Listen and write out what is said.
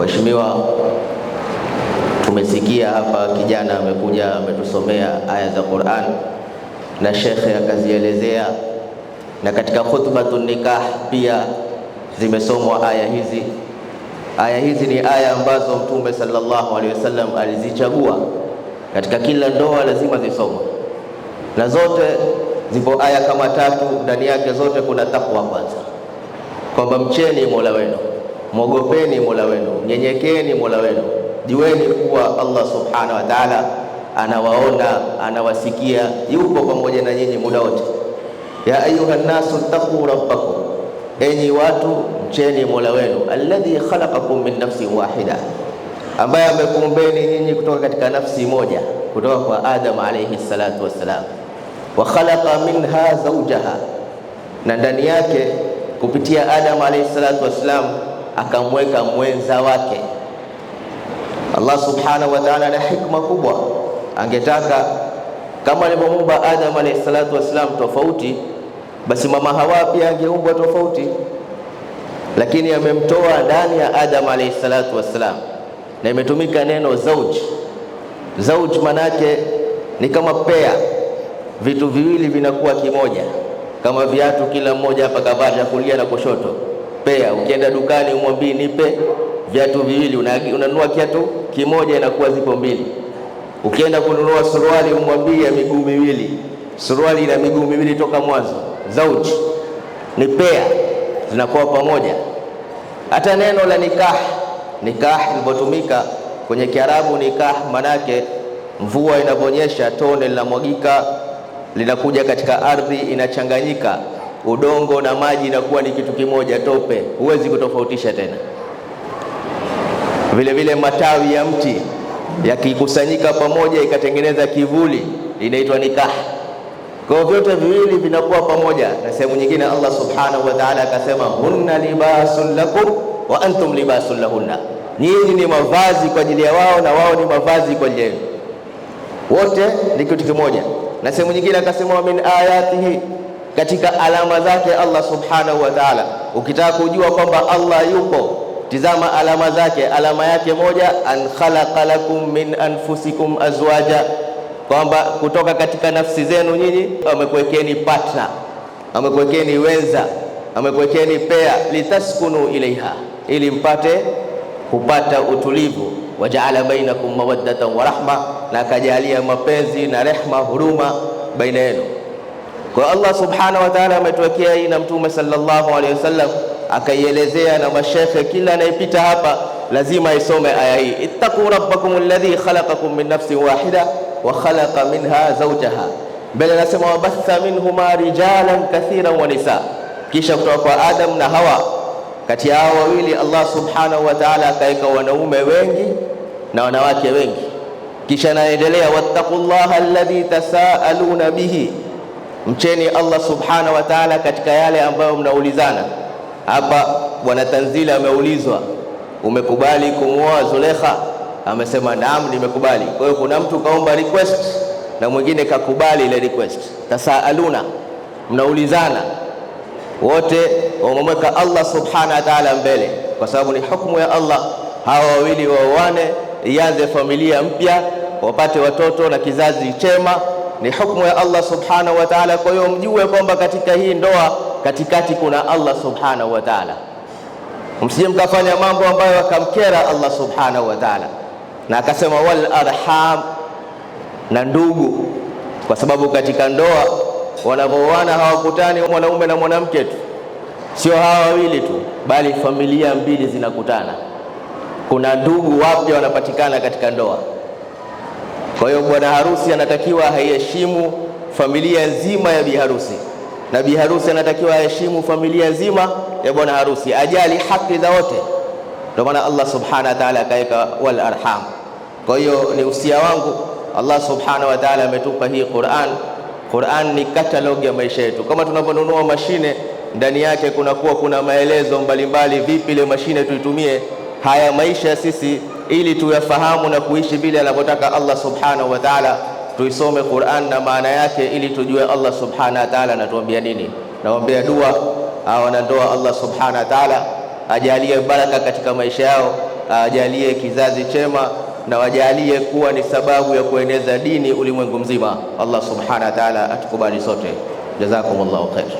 Waheshimiwa, tumesikia hapa kijana amekuja ametusomea aya za Qur'an na shekhe akazielezea, na katika khutbatun nikah pia zimesomwa aya hizi. Aya hizi ni aya ambazo Mtume sallallahu alaihi wasallam alizichagua katika kila ndoa, lazima zisomwe na zote zipo aya kama tatu ndani yake, zote kuna takwa kwanza, kwamba mcheni mola wenu Mwogopeni mola wenu, nyenyekeni mola wenu, jueni kuwa Allah subhanahu wa taala anawaona, anawasikia, yupo pamoja na nyinyi muda wote. Ya ayuha nnasu ttaquu rabbakum, enyi watu mcheni mola wenu, alladhi khalaqakum min nafsin wahida, ambaye amekumbeni nyinyi kutoka katika nafsi moja, kutoka kwa Adam alayhi salatu wassalam. Wa khalaqa minha zawjaha, na ndani yake kupitia Adam alayhi salatu wassalam akamweka mwenza wake. Allah subhanahu wa ta'ala ana hikma kubwa, angetaka kama alivyomuumba Adam alayhi salatu wassalam tofauti, basi mama Hawa pia angeumbwa tofauti, lakini amemtoa ndani ya Adam alayhi salatu wassalam, na imetumika neno zauj. Zauj manake ni kama pea, vitu viwili vinakuwa kimoja, kama viatu, kila mmoja hapa kavaa kulia na kushoto fea. Ukienda dukani umwambie nipe viatu viwili, unanunua kiatu kimoja, inakuwa zipo mbili. Ukienda kununua suruali umwambie ya miguu miwili, suruali ina miguu miwili toka mwanzo. Zauji ni pea, zinakuwa pamoja. Hata neno la nikah, nikah ilivyotumika kwenye Kiarabu, nikah manake mvua inaponyesha, tone linamwagika linakuja katika ardhi, inachanganyika udongo na maji inakuwa ni kitu kimoja, tope, huwezi kutofautisha tena. Vile vile matawi ya mti yakikusanyika pamoja ikatengeneza kivuli, inaitwa nikah. Kwa vyote viwili vinakuwa pamoja, na sehemu nyingine Allah subhanahu wa ta'ala akasema, hunna libasun lakum wa antum libasun lahunna, nyinyi ni mavazi kwa ajili ya wao na wao ni mavazi kwa ajili yenu, wote ni kitu kimoja. Na sehemu nyingine akasema, wa min ayatihi katika alama zake Allah subhanahu wa ta'ala. Ukitaka kujua kwamba Allah yupo, tizama alama zake. Alama yake moja, an khalaqa lakum min anfusikum azwaja, kwamba kutoka katika nafsi zenu nyinyi amekuwekeni partner, amekuwekeni wenza, amekuwekeni pea, litaskunu ilaiha, ili mpate kupata utulivu. Wajaala bainakum mawaddatan wa rahma, na akajalia mapenzi na rehma, huruma baina yenu. Kwa Allah subhanahu wa ta'ala ametuwekea hii na Mtume sallallahu alaihi wasallam akaielezea na mashekhe, kila anayepita hapa lazima aisome aya hii, ittaqu rabbakum alladhi khalaqakum min nafsin wahida wa khalaqa minha zawjaha. Mbele anasema wabatha minhuma rijalan kathiran wa nisa kisha kutoka kwa Adam na Hawa, kati ya hao wawili Allah subhanahu wa ta'ala akaweka wanaume wengi na wanawake wengi. Kisha anaendelea wattaqullaha alladhi tasaaluna bihi Mcheni Allah subhanahu wa ta'ala katika yale ambayo mnaulizana. Hapa bwana Tanzila ameulizwa, umekubali kumwoa Zulekha? Amesema naam, nimekubali. Kwa hiyo kuna mtu kaomba request na mwingine kakubali ile request. Tasaaluna, mnaulizana wote wamemweka Allah subhanahu wa ta'ala mbele, kwa sababu ni hukumu ya Allah hawa wawili waoane, ianze familia mpya, wapate watoto na kizazi chema ni hukumu ya Allah subhanahu wa ta'ala. Kwa hiyo mjue kwamba katika hii ndoa katikati kuna Allah subhanahu wa ta'ala, msije mkafanya mambo ambayo akamkera Allah subhanahu wa ta'ala, na akasema wal arham, na ndugu, kwa sababu katika ndoa wanavyoana hawakutani mwanaume na mwanamke tu, sio hawa wawili tu, bali familia mbili zinakutana. Kuna ndugu wapya wanapatikana katika ndoa. Kwa hiyo bwana harusi anatakiwa aheshimu familia nzima ya biharusi na biharusi anatakiwa aheshimu familia nzima ya bwana harusi, ajali haki za wote. Ndio maana Allah subhanahu wa ta'ala akaweka wal arham. Kwa hiyo ni usia wangu, Allah subhanahu wa ta'ala ametupa hii Qur'an. Qur'an ni katalogi ya maisha yetu, kama tunaponunua mashine ndani yake kunakuwa kuna maelezo mbalimbali, vipi ile mashine tuitumie. Haya maisha sisi ili tuyafahamu na kuishi vile anavyotaka Allah subhanahu wa ta'ala. Tuisome Qur'an na maana yake ili tujue Allah subhanahu wa ta'ala anatuambia nini. Naombea dua wanandoa, Allah subhanahu wa ta'ala ajalie baraka katika maisha yao, ajalie kizazi chema na wajalie kuwa ni sababu ya kueneza dini ulimwengu mzima. Allah subhanahu wa ta'ala atukubali sote. Jazakumullahu khair.